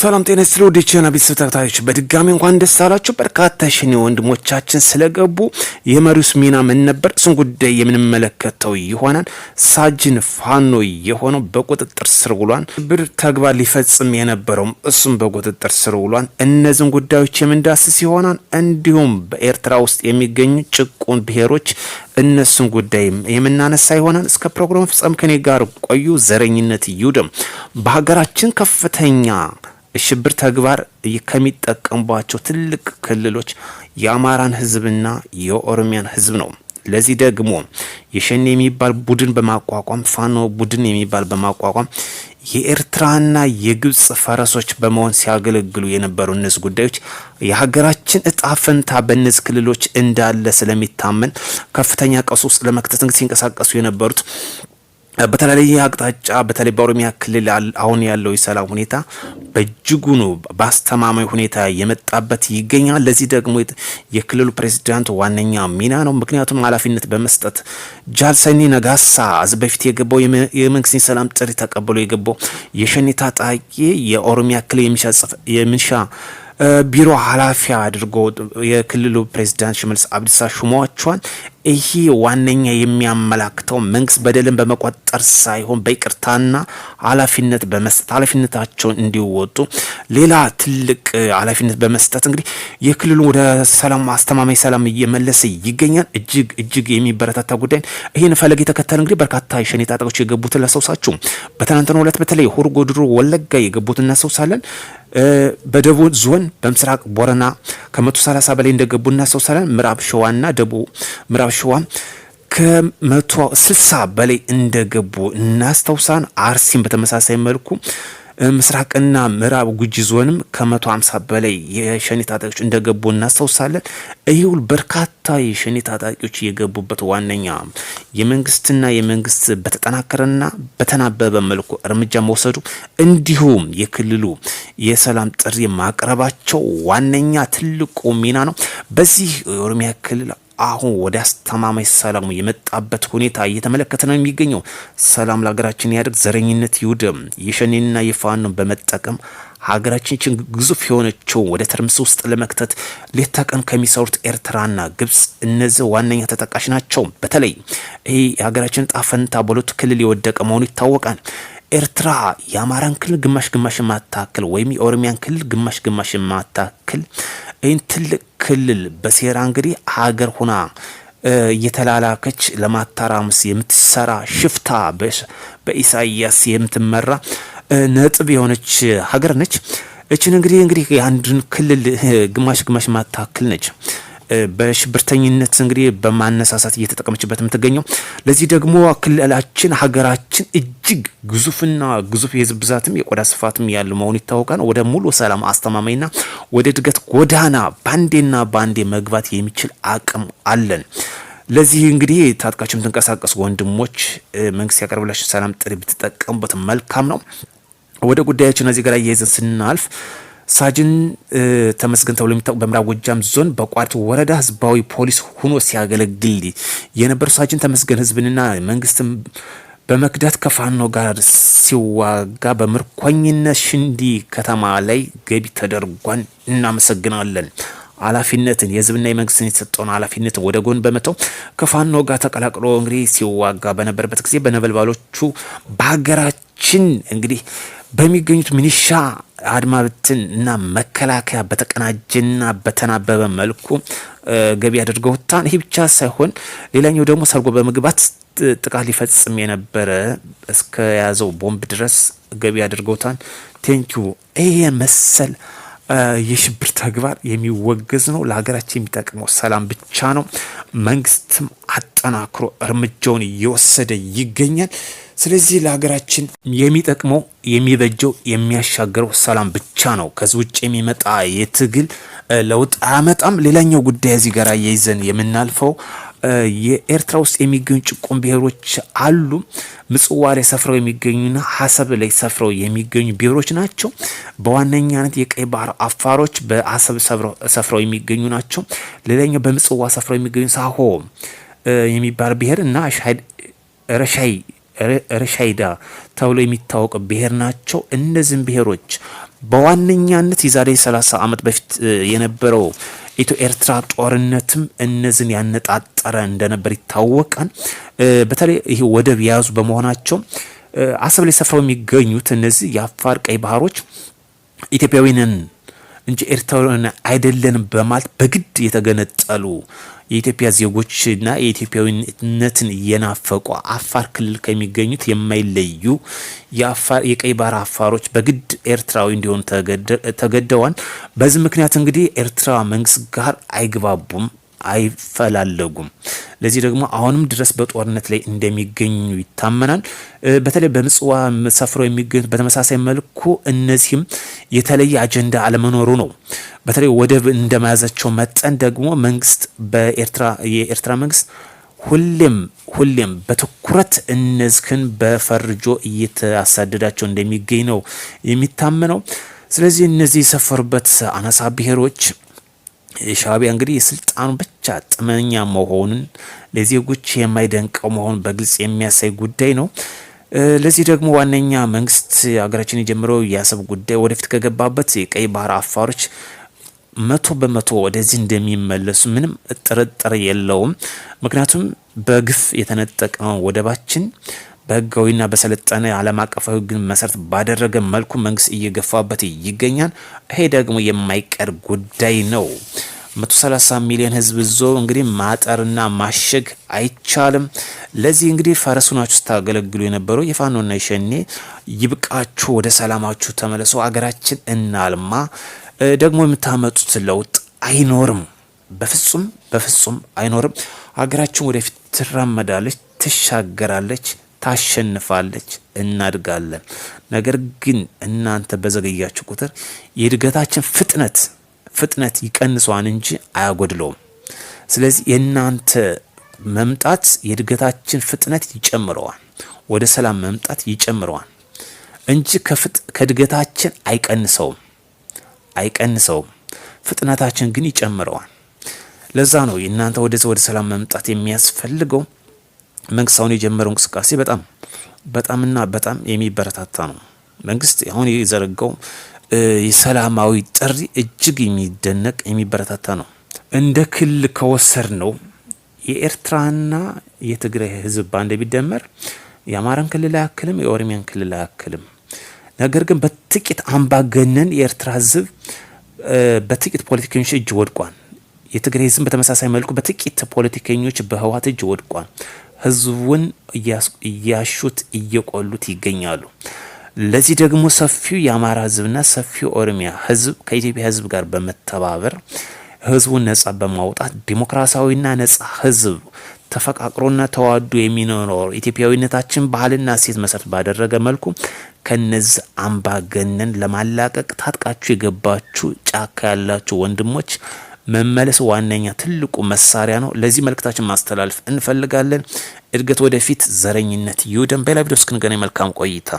ሰላም ጤና ስለ ወደ ቻና ቤተሰብ ተከታዮች በድጋሚ እንኳን ደስ አላችሁ። በርካታ ሽኒ ወንድሞቻችን ስለገቡ የመሪውስ ሚና ምን ነበር? እሱን ጉዳይ የምንመለከተው ይሆናል። ሳጅን ፋኖ የሆነው በቁጥጥር ስር ውሏን ብር ተግባር ሊፈጽም የነበረውም እሱም በቁጥጥር ስር ውሏን። እነዚህን ጉዳዮች የምንዳስስ ይሆናል። እንዲሁም በኤርትራ ውስጥ የሚገኙ ጭቁን ብሔሮች እነሱን ጉዳይ የምናነሳ ይሆናል። እስከ ፕሮግራም ፍጻም ከኔ ጋር ቆዩ። ዘረኝነት ይውደም። በሀገራችን ከፍተኛ ሽብር ተግባር ከሚጠቀሙባቸው ትልቅ ክልሎች የአማራን ህዝብና የኦሮሚያን ህዝብ ነው። ለዚህ ደግሞ የሸኔ የሚባል ቡድን በማቋቋም ፋኖ ቡድን የሚባል በማቋቋም የኤርትራና የግብጽ ፈረሶች በመሆን ሲያገለግሉ የነበሩ እነዚህ ጉዳዮች የሀገራችን እጣ ፈንታ በእነዚህ ክልሎች እንዳለ ስለሚታመን ከፍተኛ ቀውስ ውስጥ ለመክተት ሲንቀሳቀሱ የነበሩት በተለያየ አቅጣጫ በተለይ በኦሮሚያ ክልል አሁን ያለው የሰላም ሁኔታ በእጅጉኑ በአስተማማኝ ሁኔታ የመጣበት ይገኛል። ለዚህ ደግሞ የክልሉ ፕሬዚዳንት ዋነኛ ሚና ነው። ምክንያቱም ኃላፊነት በመስጠት ጃልሰኒ ነጋሳ አዝ በፊት የገባው የመንግስት የሰላም ጥሪ ተቀብሎ የገባው የሸኔ ታጣቂ የኦሮሚያ ክልል የሚሊሻ ቢሮ ኃላፊ አድርጎ የክልሉ ፕሬዚዳንት ሽመልስ አብዲሳ ሹመዋቸዋል። ይህ ዋነኛ የሚያመላክተው መንግስት በደልን በመቆጠር ሳይሆን በይቅርታና ኃላፊነት በመስጠት ኃላፊነታቸውን እንዲወጡ ሌላ ትልቅ ኃላፊነት በመስጠት እንግዲህ የክልሉን ወደ ሰላም አስተማማኝ ሰላም እየመለሰ ይገኛል። እጅግ እጅግ የሚበረታታ ጉዳይ። ይህን ፈለግ የተከተል እንግዲህ በርካታ የሸኔ ታጣቂዎች የገቡትን ለሰውሳችሁ በትናንትናው ዕለት በተለይ ሆሮ ጉዱሩ ወለጋ የገቡት እናስታውሳለን። በደቡብ ዞን በምስራቅ ቦረና ከ130 በላይ እንደገቡ እናስታውሳለን። ምዕራብ ሸዋና ደቡብ ምዕራብ ምዕራብ ሸዋ ከመቶ ስልሳ በላይ እንደገቡ እናስታውሳን። አርሲም በተመሳሳይ መልኩ ምስራቅና ምዕራብ ጉጂ ዞንም ከመቶ ሃምሳ በላይ የሸኔ ታጣቂዎች እንደገቡ እናስታውሳለን። ይህውል በርካታ የሸኔ ታጣቂዎች የገቡበት ዋነኛ የመንግስትና የመንግስት በተጠናከረና በተናበበ መልኩ እርምጃ መውሰዱ እንዲሁም የክልሉ የሰላም ጥሪ ማቅረባቸው ዋነኛ ትልቁ ሚና ነው። በዚህ የኦሮሚያ ክልል አሁን ወደ አስተማማኝ ሰላሙ የመጣበት ሁኔታ እየተመለከተ ነው የሚገኘው። ሰላም ለሀገራችን ያድርግ፣ ዘረኝነት ይውደም። የሸኔንና የፋኖን በመጠቀም ሀገራችን ግዙፍ የሆነችውን ወደ ትርምስ ውስጥ ለመክተት ሌት ተቀን ከሚሰሩት ኤርትራና ግብጽ እነዚህ ዋነኛ ተጠቃሽ ናቸው። በተለይ ይህ የሀገራችን ጣፈንታ በሁለቱ ክልል የወደቀ መሆኑ ይታወቃል። ኤርትራ የአማራን ክልል ግማሽ ግማሽ የማታክል ወይም የኦሮሚያን ክልል ግማሽ ግማሽ የማታክል ይህን ትልቅ ክልል በሴራ እንግዲህ ሀገር ሆና እየተላላከች ለማታራምስ የምትሰራ ሽፍታ በኢሳያስ የምትመራ ነጥብ የሆነች ሀገር ነች። እችን እንግዲህ እንግዲህ የአንድን ክልል ግማሽ ግማሽ ማታክል ነች። በሽብርተኝነት እንግዲህ በማነሳሳት እየተጠቀመችበት የምትገኘው። ለዚህ ደግሞ ክልላችን ሀገራችን እጅግ ግዙፍና ግዙፍ የህዝብ ብዛትም የቆዳ ስፋትም ያሉ መሆኑ ይታወቃል። ወደ ሙሉ ሰላም አስተማማኝና ወደ እድገት ጎዳና ባንዴና ባንዴ መግባት የሚችል አቅም አለን። ለዚህ እንግዲህ ታጥቃችሁ የምትንቀሳቀሱ ወንድሞች መንግስት ያቀርብላችሁ ሰላም ጥሪ ብትጠቀሙበት መልካም ነው። ወደ ጉዳያችን እዚህ ጋር እያይዘን ስናልፍ ሳጅን ተመስገን ተብሎ የሚታወቅ በምዕራብ ጎጃም ዞን በቋርት ወረዳ ህዝባዊ ፖሊስ ሆኖ ሲያገለግል የነበሩ ሳጅን ተመስገን ህዝብንና መንግስትን በመክዳት ከፋኖ ጋር ሲዋጋ በምርኮኝነት ሽንዲ ከተማ ላይ ገቢ ተደርጓን እናመሰግናለን። ኃላፊነትን የህዝብና የመንግስትን የተሰጠውን ኃላፊነትን ወደ ጎን በመተው ከፋኖ ጋር ተቀላቅሎ እንግዲህ ሲዋጋ በነበረበት ጊዜ በነበልባሎቹ በሀገራችን እንግዲህ በሚገኙት ሚኒሻ አድማ ብትን እና መከላከያ በተቀናጀና በተናበበ መልኩ ገቢ አድርገውታል። ይህ ብቻ ሳይሆን ሌላኛው ደግሞ ሰርጎ በመግባት ጥቃት ሊፈጽም የነበረ እስከ ያዘው ቦምብ ድረስ ገቢ አድርገውታል። ቴንኪዩ። ይሄ መሰል የሽብር ተግባር የሚወገዝ ነው። ለሀገራችን የሚጠቅመው ሰላም ብቻ ነው። መንግስትም አጠናክሮ እርምጃውን እየወሰደ ይገኛል። ስለዚህ ለሀገራችን የሚጠቅመው የሚበጀው የሚያሻግረው ሰላም ብቻ ነው። ከዚህ ውጭ የሚመጣ የትግል ለውጥ አያመጣም። ሌላኛው ጉዳይ እዚህ ጋር እያይዘን የምናልፈው የኤርትራ ውስጥ የሚገኙ ጭቁን ብሔሮች አሉ። ምጽዋ ላይ ሰፍረው የሚገኙና ሀሰብ ላይ ሰፍረው የሚገኙ ብሔሮች ናቸው። በዋነኛነት የቀይ ባህር አፋሮች በሀሰብ ሰፍረው የሚገኙ ናቸው። ሌላኛው በምጽዋ ሰፍረው የሚገኙ ሳሆ የሚባል ብሔር እና ረሻይ ርሻይዳ ተብሎ የሚታወቅ ብሔር ናቸው። እነዚህም ብሔሮች በዋነኛነት የዛሬ 30 ዓመት በፊት የነበረው ኢትዮ ኤርትራ ጦርነትም እነዚህን ያነጣጠረ እንደነበር ይታወቃል። በተለይ ይህ ወደብ የያዙ በመሆናቸው አሰብ ላይ ሰፍረው የሚገኙት እነዚህ የአፋር ቀይ ባህሮች ኢትዮጵያዊንን እንጂ ኤርትራውያን አይደለንም በማለት በግድ የተገነጠሉ የኢትዮጵያ ዜጎችና የኢትዮጵያዊነትን እየናፈቁ አፋር ክልል ከሚገኙት የማይለዩ የቀይ ባህር አፋሮች በግድ ኤርትራዊ እንዲሆኑ ተገደዋል። በዚህ ምክንያት እንግዲህ ኤርትራ መንግስት ጋር አይግባቡም አይፈላለጉም። ለዚህ ደግሞ አሁንም ድረስ በጦርነት ላይ እንደሚገኙ ይታመናል። በተለይ በምጽዋ ሰፍረው የሚገኙት በተመሳሳይ መልኩ እነዚህም የተለየ አጀንዳ አለመኖሩ ነው። በተለይ ወደብ እንደመያዛቸው መጠን ደግሞ መንግስት በኤርትራ የኤርትራ መንግስት ሁሌም ሁሌም በትኩረት እነዚህን በፈርጆ እየተሳደዳቸው እንደሚገኝ ነው የሚታመነው። ስለዚህ እነዚህ የሰፈሩበት አናሳ ብሔሮች ሻቢያ እንግዲህ የስልጣኑ ብቻ ጥመኛ መሆኑን ለዜጎች የማይደንቀው መሆኑን በግልጽ የሚያሳይ ጉዳይ ነው። ለዚህ ደግሞ ዋነኛ መንግስት ሀገራችን የጀመረው የአሰብ ጉዳይ ወደፊት ከገባበት የቀይ ባህር አፋሮች መቶ በመቶ ወደዚህ እንደሚመለሱ ምንም ጥርጥር የለውም። ምክንያቱም በግፍ የተነጠቀ ወደባችን በህጋዊና በሰለጠነ ዓለም አቀፋዊ ህግን መሰረት ባደረገ መልኩ መንግስት እየገፋበት ይገኛል። ይሄ ደግሞ የማይቀር ጉዳይ ነው። 130 ሚሊዮን ህዝብ ዞ እንግዲህ ማጠርና ማሸግ አይቻልም። ለዚህ እንግዲህ ፈረሱ ናችሁ ስታገለግሉ የነበሩ የፋኖና የሸኔ ይብቃችሁ፣ ወደ ሰላማችሁ ተመለሶ አገራችን እናልማ። ደግሞ የምታመጡት ለውጥ አይኖርም፣ በፍጹም በፍጹም አይኖርም። ሀገራችን ወደፊት ትራመዳለች፣ ትሻገራለች። ታሸንፋለች፣ እናድጋለን። ነገር ግን እናንተ በዘገያችሁ ቁጥር የእድገታችን ፍጥነት ፍጥነት ይቀንሷን እንጂ አያጎድለውም። ስለዚህ የእናንተ መምጣት የእድገታችን ፍጥነት ይጨምረዋል፣ ወደ ሰላም መምጣት ይጨምረዋል እንጂ ከእድገታችን አይቀንሰውም አይቀንሰውም። ፍጥነታችን ግን ይጨምረዋል። ለዛ ነው እናንተ ወደዚህ ወደ ሰላም መምጣት የሚያስፈልገው። መንግስት አሁን የጀመረው እንቅስቃሴ በጣም በጣምና በጣም የሚበረታታ ነው። መንግስት አሁን የዘረጋው የሰላማዊ ጥሪ እጅግ የሚደነቅ የሚበረታታ ነው። እንደ ክልል ከወሰድ ነው የኤርትራና የትግራይ ህዝብ በአንድ ቢደመር የአማራን ክልል አያክልም፣ የኦሮሚያን ክልል አያክልም። ነገር ግን በጥቂት አምባገነን የኤርትራ ህዝብ በጥቂት ፖለቲከኞች እጅ ወድቋል። የትግራይ ህዝብ በተመሳሳይ መልኩ በጥቂት ፖለቲከኞች በህወሓት እጅ ወድቋል። ህዝቡን እያሹት እየቆሉት ይገኛሉ። ለዚህ ደግሞ ሰፊው የአማራ ህዝብና ሰፊው ኦሮሚያ ህዝብ ከኢትዮጵያ ህዝብ ጋር በመተባበር ህዝቡን ነጻ በማውጣት ዲሞክራሲያዊና ነጻ ህዝብ ተፈቃቅሮና ተዋዶ የሚኖረው ኢትዮጵያዊነታችን ባህልና እሴት መሰረት ባደረገ መልኩ ከነዚህ አምባገነን ለማላቀቅ ታጥቃችሁ የገባችሁ ጫካ ያላችሁ ወንድሞች መመለስ ዋነኛ ትልቁ መሳሪያ ነው። ለዚህ መልእክታችን ማስተላለፍ እንፈልጋለን። እድገት ወደፊት፣ ዘረኝነት ይውደም። በሌላ ቪዲዮ እስክንገናኝ መልካም ቆይታ